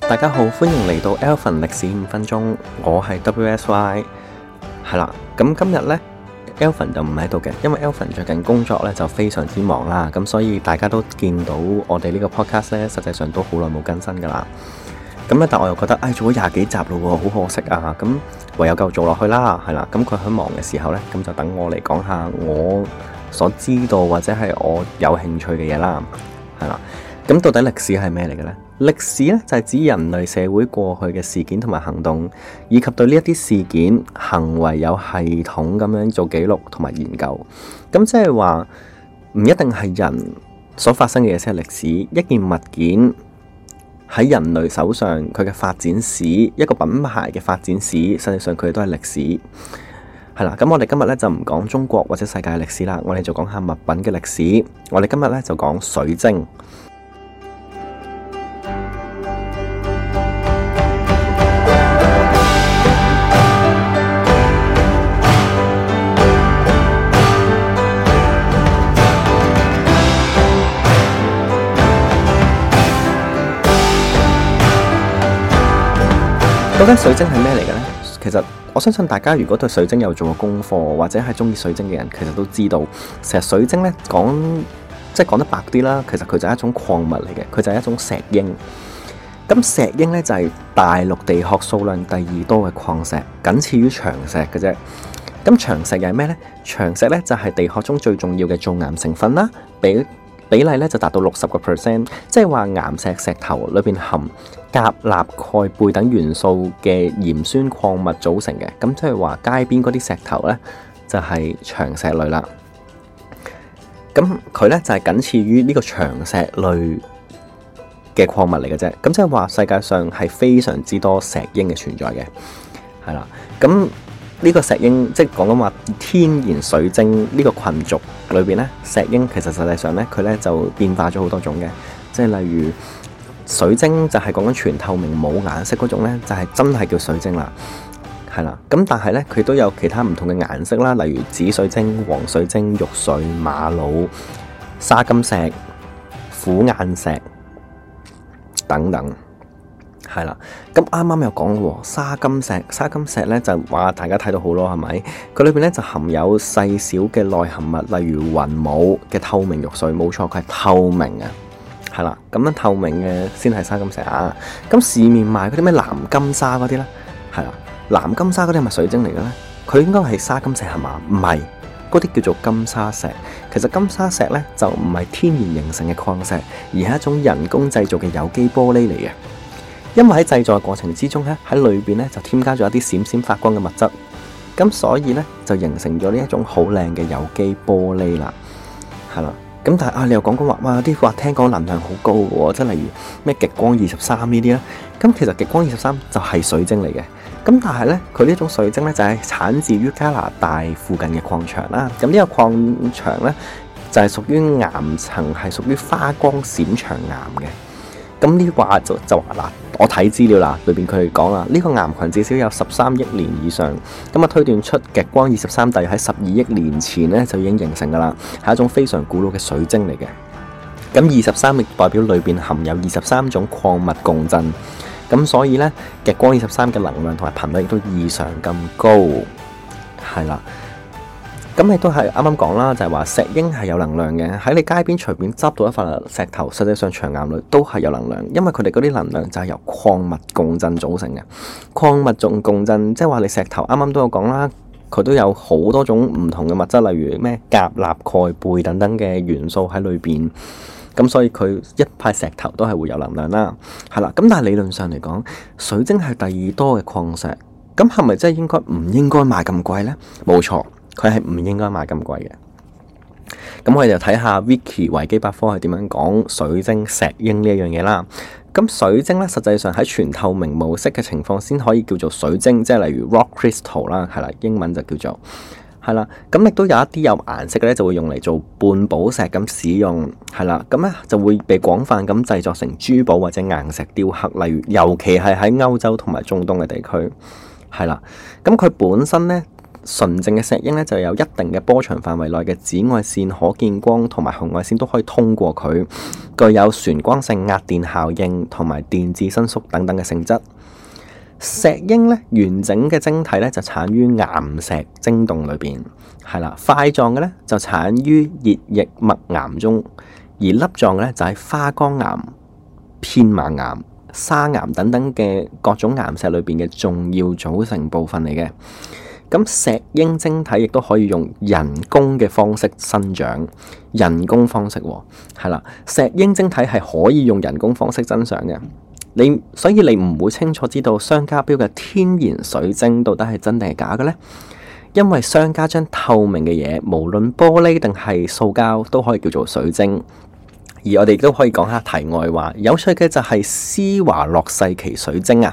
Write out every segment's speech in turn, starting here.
大家好，歡迎嚟到 Alvin 歷史五分鐘，我係 WSY，係啦，咁今日呢？Elfen 就唔喺度嘅，因為 Elfen 最近工作咧就非常之忙啦，咁所以大家都見到我哋呢個 podcast 咧，實際上都好耐冇更新噶啦。咁咧，但我又覺得，唉、哎，做咗廿幾集咯，好可惜啊！咁唯有夠做落去啦，係啦。咁佢喺忙嘅時候咧，咁就等我嚟講下我所知道或者係我有興趣嘅嘢啦，係啦。咁到底歷史係咩嚟嘅咧？歷史咧就係指人類社會過去嘅事件同埋行動，以及對呢一啲事件行為有系統咁樣做記錄同埋研究。咁即係話，唔一定係人所發生嘅嘢先係歷史。一件物件喺人類手上，佢嘅發展史，一個品牌嘅發展史，實際上佢都係歷史。係啦，咁我哋今日咧就唔講中國或者世界歷史啦，我哋就講下物品嘅歷史。我哋今日咧就講水晶。我覺得水晶係咩嚟嘅呢？其實我相信大家如果對水晶有做過功課，或者係中意水晶嘅人，其實都知道。其實水晶呢，講即係講得白啲啦，其實佢就係一種礦物嚟嘅，佢就係一種石英。咁石英呢，就係大陸地殼數量第二多嘅礦石，僅次於長石嘅啫。咁長石係咩呢？長石呢，就係地殼中最重要嘅造岩成分啦，比比例咧就達到六十個 percent，即係話岩石石頭裏邊含鉀、鈉、鈣、貝等元素嘅鹽酸礦物組成嘅。咁即係話街邊嗰啲石頭咧就係、是、長石類啦。咁佢咧就係、是、僅次於呢個長石類嘅礦物嚟嘅啫。咁即係話世界上係非常之多石英嘅存在嘅。係啦，咁呢個石英即係講緊話天然水晶呢個群族。裏邊呢，石英其實實際上呢，佢呢就變化咗好多種嘅，即係例如水晶就係講緊全透明冇顏色嗰種呢，就係、是、真係叫水晶啦，係啦。咁但係呢，佢都有其他唔同嘅顏色啦，例如紫水晶、黃水晶、玉髓、瑪瑙、沙金石、虎眼石等等。係啦，咁啱啱又講咯，砂金石，砂金石咧就話大家睇到好咯，係咪？佢裏邊咧就含有細小嘅內含物，例如雲母嘅透明玉髓。冇錯，佢係透明啊，係啦，咁樣透明嘅先係砂金石啊。咁市面賣嗰啲咩藍金沙嗰啲咧，係啦，藍金沙嗰啲係咪水晶嚟嘅咧？佢應該係砂金石係嘛？唔係，嗰啲叫做金沙石。其實金沙石咧就唔係天然形成嘅礦石，而係一種人工製造嘅有機玻璃嚟嘅。因為喺製作過程之中咧，喺裏邊咧就添加咗一啲閃閃發光嘅物質，咁所以咧就形成咗呢一種好靚嘅有機玻璃啦，係啦。咁但係啊，你又講講話哇啲話聽講能量好高喎，即係例如咩極光二十三呢啲咧？咁其實極光二十三就係水晶嚟嘅。咁但係咧，佢呢一種水晶咧就係產自於加拿大附近嘅礦場啦。咁呢個礦場咧就係、是、屬於岩層，係屬於花光閃長岩嘅。咁呢句就就話啦，我睇資料啦，裏邊佢哋講啦，呢個岩群至少有十三億年以上，咁啊推斷出極光二十三大約喺十二億年前咧就已經形成噶啦，係一種非常古老嘅水晶嚟嘅。咁二十三亦代表裏邊含有二十三種礦物共振，咁所以呢，極光二十三嘅能量同埋頻率都異常咁高，係啦。咁你都係啱啱講啦，就係話石英係有能量嘅。喺你街邊隨便執到一塊石頭，實際上長岩裏都係有能量，因為佢哋嗰啲能量就係由礦物共振組成嘅。礦物仲共振，即係話你石頭啱啱都有講啦，佢都有好多種唔同嘅物質，例如咩鉀、鈉、鈣、貝等等嘅元素喺裏邊。咁所以佢一塊石頭都係會有能量啦，係啦。咁但係理論上嚟講，水晶係第二多嘅礦石，咁係咪真係應該唔應該賣咁貴呢？冇錯。佢係唔應該賣咁貴嘅。咁我哋就睇下 Vicky 維基百科係點樣講水晶、石英呢一樣嘢啦。咁水晶咧，實際上喺全透明模式嘅情況先可以叫做水晶，即係例如 rock crystal 啦，係啦，英文就叫做，係啦。咁亦都有一啲有顏色嘅咧，就會用嚟做半寶石咁使用，係啦。咁咧就會被廣泛咁製作成珠寶或者硬石雕刻，例如尤其係喺歐洲同埋中東嘅地區，係啦。咁佢本身咧。純淨嘅石英咧，就有一定嘅波長範圍內嘅紫外線、可見光同埋紅外線都可以通過佢。具有旋光性、壓電效應同埋電子伸縮等等嘅性質。石英咧，完整嘅晶體咧就產於岩石晶洞裏邊，係啦。塊狀嘅咧就產於熱液脈岩中，而粒狀嘅咧就喺花崗岩、片麻岩、砂岩等等嘅各種岩石裏邊嘅重要組成部分嚟嘅。咁石英晶體亦都可以用人工嘅方式生長，人工方式喎、哦，係啦，石英晶體係可以用人工方式增長嘅。你所以你唔會清楚知道商家標嘅天然水晶到底係真定係假嘅呢？因為商家將透明嘅嘢，無論玻璃定係塑膠都可以叫做水晶。而我哋都可以講下題外話，有趣嘅就係施華洛世奇水晶啊！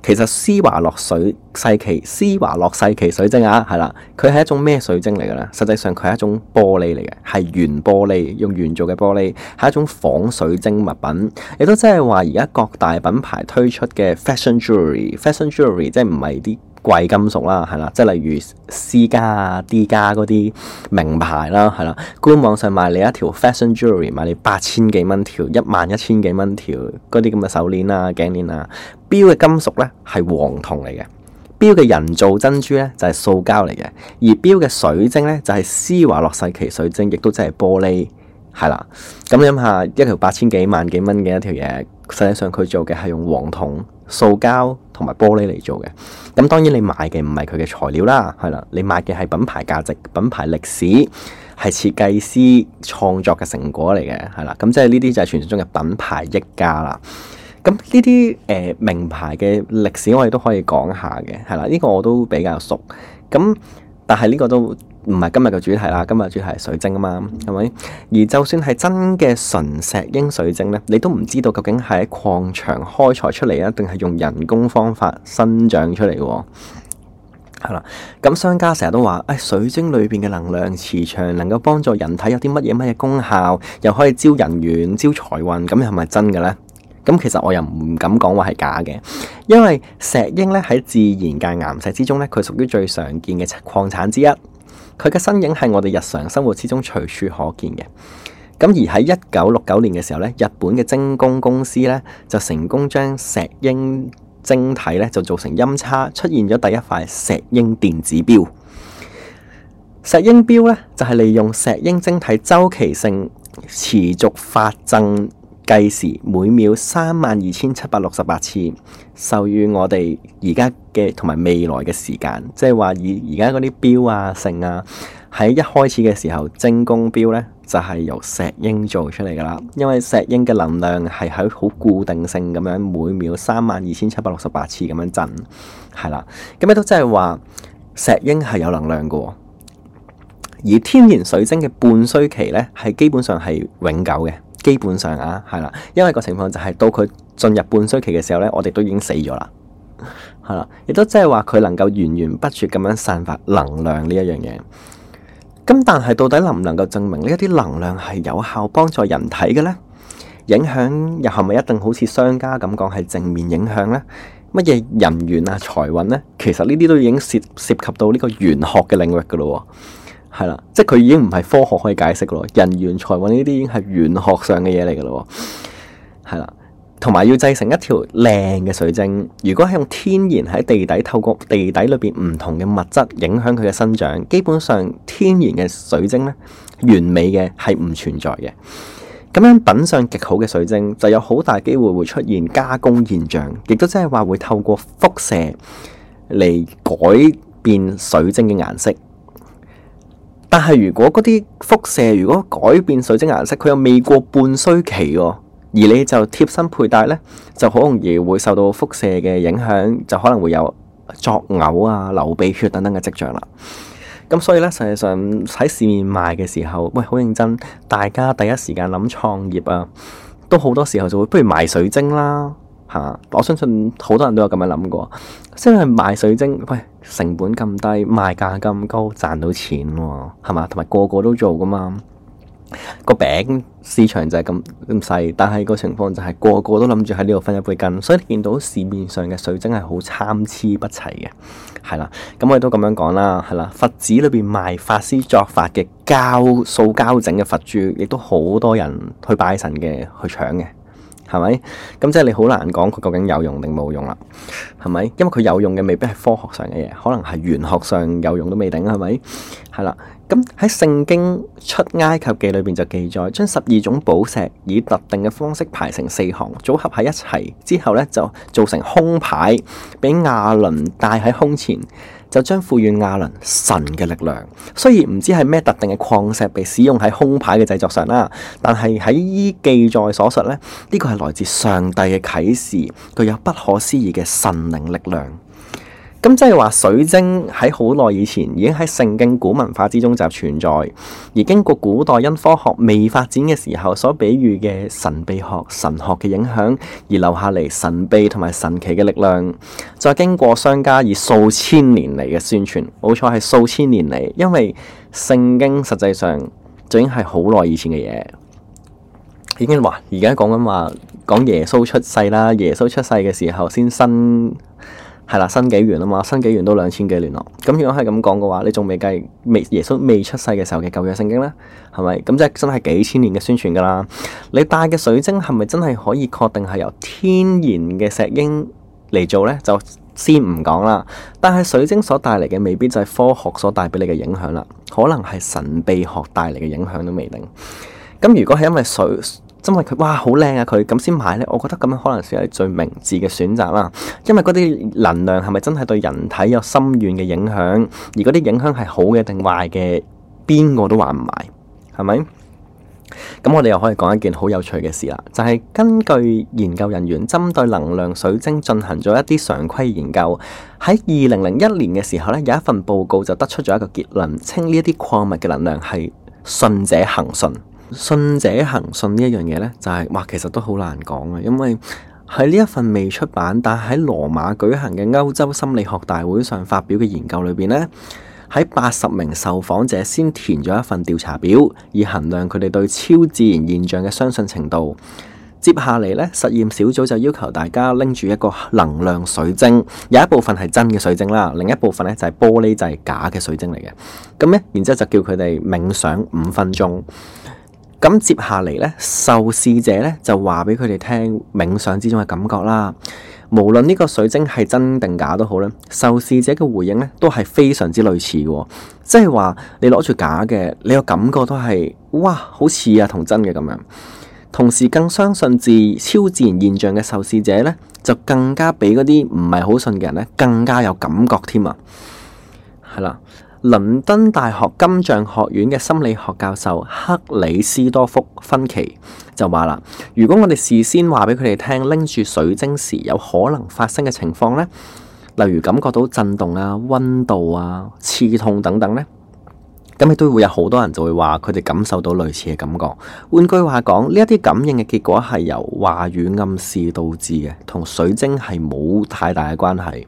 其實施華洛水世奇，施華洛世奇水晶啊，係啦，佢係一種咩水晶嚟嘅咧？實際上佢係一種玻璃嚟嘅，係原玻璃用原造嘅玻璃，係一種仿水晶物品。亦都即係話而家各大品牌推出嘅 fashion jewelry fashion jewelry 即係唔係啲，貴金屬啦，係啦，即係例如 C 家啊、D 家嗰啲名牌啦，係啦，官網上買你一條 fashion jewellery 買你八千幾蚊條、一萬一千幾蚊條嗰啲咁嘅手鏈啊、頸鏈啊，錶嘅金屬咧係黃銅嚟嘅，錶嘅人造珍珠咧就係、是、塑膠嚟嘅，而錶嘅水晶咧就係、是、施華洛世奇水晶，亦都即係玻璃，係啦。咁你諗下，一條八千幾萬幾蚊嘅一條嘢，實際上佢做嘅係用黃銅。塑膠同埋玻璃嚟做嘅，咁當然你買嘅唔係佢嘅材料啦，係啦，你買嘅係品牌價值、品牌歷史，係設計師創作嘅成果嚟嘅，係啦，咁即係呢啲就係傳説中嘅品牌溢價啦。咁呢啲誒名牌嘅歷史我哋都可以講下嘅，係啦，呢個我都比較熟，咁但係呢個都唔係今日嘅主題啦。今日主題係水晶啊嘛，係咪？而就算係真嘅純石英水晶咧，你都唔知道究竟係喺礦場開採出嚟啊，定係用人工方法生長出嚟喎。係啦，咁商家成日都話，誒、哎，水晶裏邊嘅能量、磁場能夠幫助人體有啲乜嘢乜嘢功效，又可以招人緣、招財運，咁係咪真嘅咧？咁其實我又唔敢講話係假嘅，因為石英咧喺自然界岩石之中咧，佢屬於最常見嘅礦產之一。佢嘅身影係我哋日常生活之中隨處可見嘅，咁而喺一九六九年嘅時候咧，日本嘅精工公司咧就成功將石英晶體咧就做成音叉，出現咗第一塊石英電子錶。石英錶咧就係、是、利用石英晶體周期性持續發振。計時每秒三萬二千七百六十八次，授予我哋而家嘅同埋未來嘅時間，即係話以而家嗰啲表啊、性啊，喺一開始嘅時候，精工表呢，就係、是、由石英做出嚟噶啦，因為石英嘅能量係喺好固定性咁樣，每秒三萬二千七百六十八次咁樣震，係啦，咁亦都即係話石英係有能量噶，而天然水晶嘅半衰期呢，係基本上係永久嘅。基本上啊，係啦，因為個情況就係、是、到佢進入半衰期嘅時候呢，我哋都已經死咗啦，係啦，亦都即係話佢能夠源源不絕咁樣散發能量呢一樣嘢。咁但係到底能唔能夠證明呢一啲能量係有效幫助人體嘅呢？影響又係咪一定好似商家咁講係正面影響呢？乜嘢人緣啊、財運呢？其實呢啲都已經涉涉及到呢個玄學嘅領域㗎咯喎。係啦，即係佢已經唔係科學可以解釋咯，人緣財運呢啲已經係玄學上嘅嘢嚟噶咯，係啦，同埋要製成一條靚嘅水晶，如果係用天然喺地底透過地底裏邊唔同嘅物質影響佢嘅生長，基本上天然嘅水晶呢，完美嘅係唔存在嘅。咁樣品質上極好嘅水晶，就有好大機會會出現加工現象，亦都即係話會透過輻射嚟改變水晶嘅顏色。但係如果嗰啲輻射如果改變水晶顏色，佢又未過半衰期喎、哦，而你就貼身佩戴呢，就好容易會受到輻射嘅影響，就可能會有作嘔啊、流鼻血等等嘅跡象啦。咁所以呢，實際上喺市面賣嘅時候，喂，好認真，大家第一時間諗創業啊，都好多時候就會不如賣水晶啦。我相信好多人都有咁樣諗過，即係賣水晶，喂，成本咁低，賣價咁高，賺到錢喎，啊，係嘛？同埋個個都做噶嘛，個餅市場就係咁咁細，但係個情況就係個個都諗住喺呢度分一杯羹，所以你見到市面上嘅水晶係好參差不齊嘅，係啦。咁我哋都咁樣講啦，係啦，佛寺裏邊賣法師作法嘅膠、塑膠整嘅佛珠，亦都好多人去拜神嘅，去搶嘅。係咪？咁即係你好難講佢究竟有用定冇用啦？係咪？因為佢有用嘅未必係科學上嘅嘢，可能係玄學上有用都未定，係咪？係啦。咁喺聖經出埃及記裏邊就記載，將十二種寶石以特定嘅方式排成四行，組合喺一齊之後咧，就做成胸牌，俾亞倫帶喺胸前。就將賦予亞倫神嘅力量。雖然唔知係咩特定嘅礦石被使用喺胸牌嘅製作上啦，但係喺依記載所述呢，呢個係來自上帝嘅啟示，具有不可思議嘅神靈力量。咁即係話，水晶喺好耐以前已經喺聖經古文化之中就存在，而經過古代因科學未發展嘅時候所比喻嘅神秘學、神學嘅影響，而留下嚟神秘同埋神奇嘅力量。再經過商家以數千年嚟嘅宣傳，冇錯係數千年嚟，因為聖經實際上就已經係好耐以前嘅嘢，已經話而家講緊話講耶穌出世啦，耶穌出世嘅時候先生。係啦，新紀元啊嘛，新紀元都兩千幾年咯。咁如果係咁講嘅話，你仲未計未耶穌未出世嘅時候嘅舊約聖經呢？係咪？咁即係真係幾千年嘅宣傳噶啦。你帶嘅水晶係咪真係可以確定係由天然嘅石英嚟做呢？就先唔講啦。但係水晶所帶嚟嘅未必就係科學所帶俾你嘅影響啦，可能係神秘學帶嚟嘅影響都未定。咁如果係因為水。因為佢哇好靚啊，佢咁先買呢。我覺得咁樣可能算係最明智嘅選擇啦。因為嗰啲能量係咪真係對人體有深遠嘅影響，而嗰啲影響係好嘅定壞嘅，邊個都話唔埋，係咪？咁我哋又可以講一件好有趣嘅事啦，就係、是、根據研究人員針對能量水晶進行咗一啲常規研究，喺二零零一年嘅時候呢，有一份報告就得出咗一個結論，稱呢一啲礦物嘅能量係信者行信。信者恒信呢一樣嘢咧，就係話其實都好難講嘅，因為喺呢一份未出版但喺羅馬舉行嘅歐洲心理學大會上發表嘅研究裏邊呢，喺八十名受訪者先填咗一份調查表，以衡量佢哋對超自然現象嘅相信程度。接下嚟呢，實驗小組就要求大家拎住一個能量水晶，有一部分係真嘅水晶啦，另一部分咧就係玻璃，就係假嘅水晶嚟嘅。咁咧，然之後就叫佢哋冥想五分鐘。咁接下嚟咧，受試者咧就話俾佢哋聽冥想之中嘅感覺啦。無論呢個水晶係真定假都好咧，受試者嘅回應咧都係非常之類似嘅，即係話你攞住假嘅，你個感覺都係哇好似啊同真嘅咁樣。同時更相信自超自然現象嘅受試者咧，就更加比嗰啲唔係好信嘅人咧更加有感覺添啊，係啦。倫敦大學金像學院嘅心理學教授克里斯多福芬奇就話啦：如果我哋事先話俾佢哋聽拎住水晶時有可能發生嘅情況呢，例如感覺到震動啊、溫度啊、刺痛等等呢，咁亦都會有好多人就會話佢哋感受到類似嘅感覺。換句話講，呢一啲感應嘅結果係由話語暗示導致嘅，同水晶係冇太大嘅關係。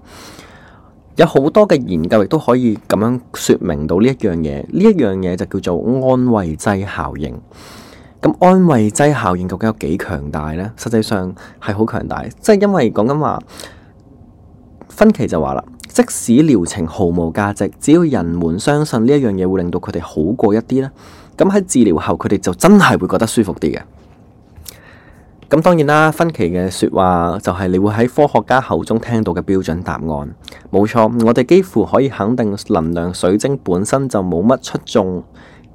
有好多嘅研究亦都可以咁樣說明到呢一樣嘢，呢一樣嘢就叫做安慰劑效應。咁安慰劑效應究竟有幾強大呢？實際上係好強大，即係因為講緊話，芬奇就話啦，即使療程毫無價值，只要人們相信呢一樣嘢會令到佢哋好過一啲呢，咁喺治療後佢哋就真係會覺得舒服啲嘅。咁當然啦，芬奇嘅說話就係你會喺科學家口中聽到嘅標準答案。冇錯，我哋幾乎可以肯定能量水晶本身就冇乜出眾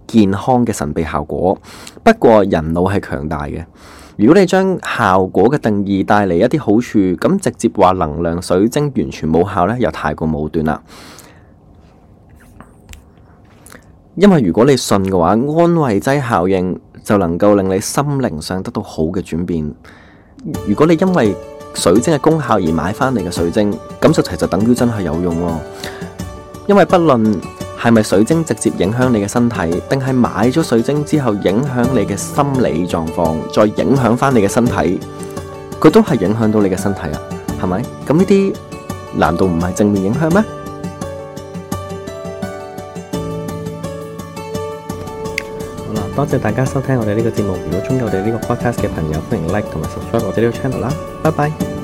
健康嘅神秘效果。不過人腦係強大嘅，如果你將效果嘅定義帶嚟一啲好處，咁直接話能量水晶完全冇效呢，又太過武斷啦。因為如果你信嘅話，安慰劑效應。就能夠令你心靈上得到好嘅轉變。如果你因為水晶嘅功效而買翻嚟嘅水晶，咁就其實等於真係有用啊。因為不論係咪水晶直接影響你嘅身體，定係買咗水晶之後影響你嘅心理狀況，再影響翻你嘅身體，佢都係影響到你嘅身體啊。係咪？咁呢啲難道唔係正面影響咩？多謝大家收聽我哋呢個節目。如果鍾意我哋呢個 podcast 嘅朋友，歡迎 like 同埋 subscribe 我哋呢個 channel 啦。拜拜。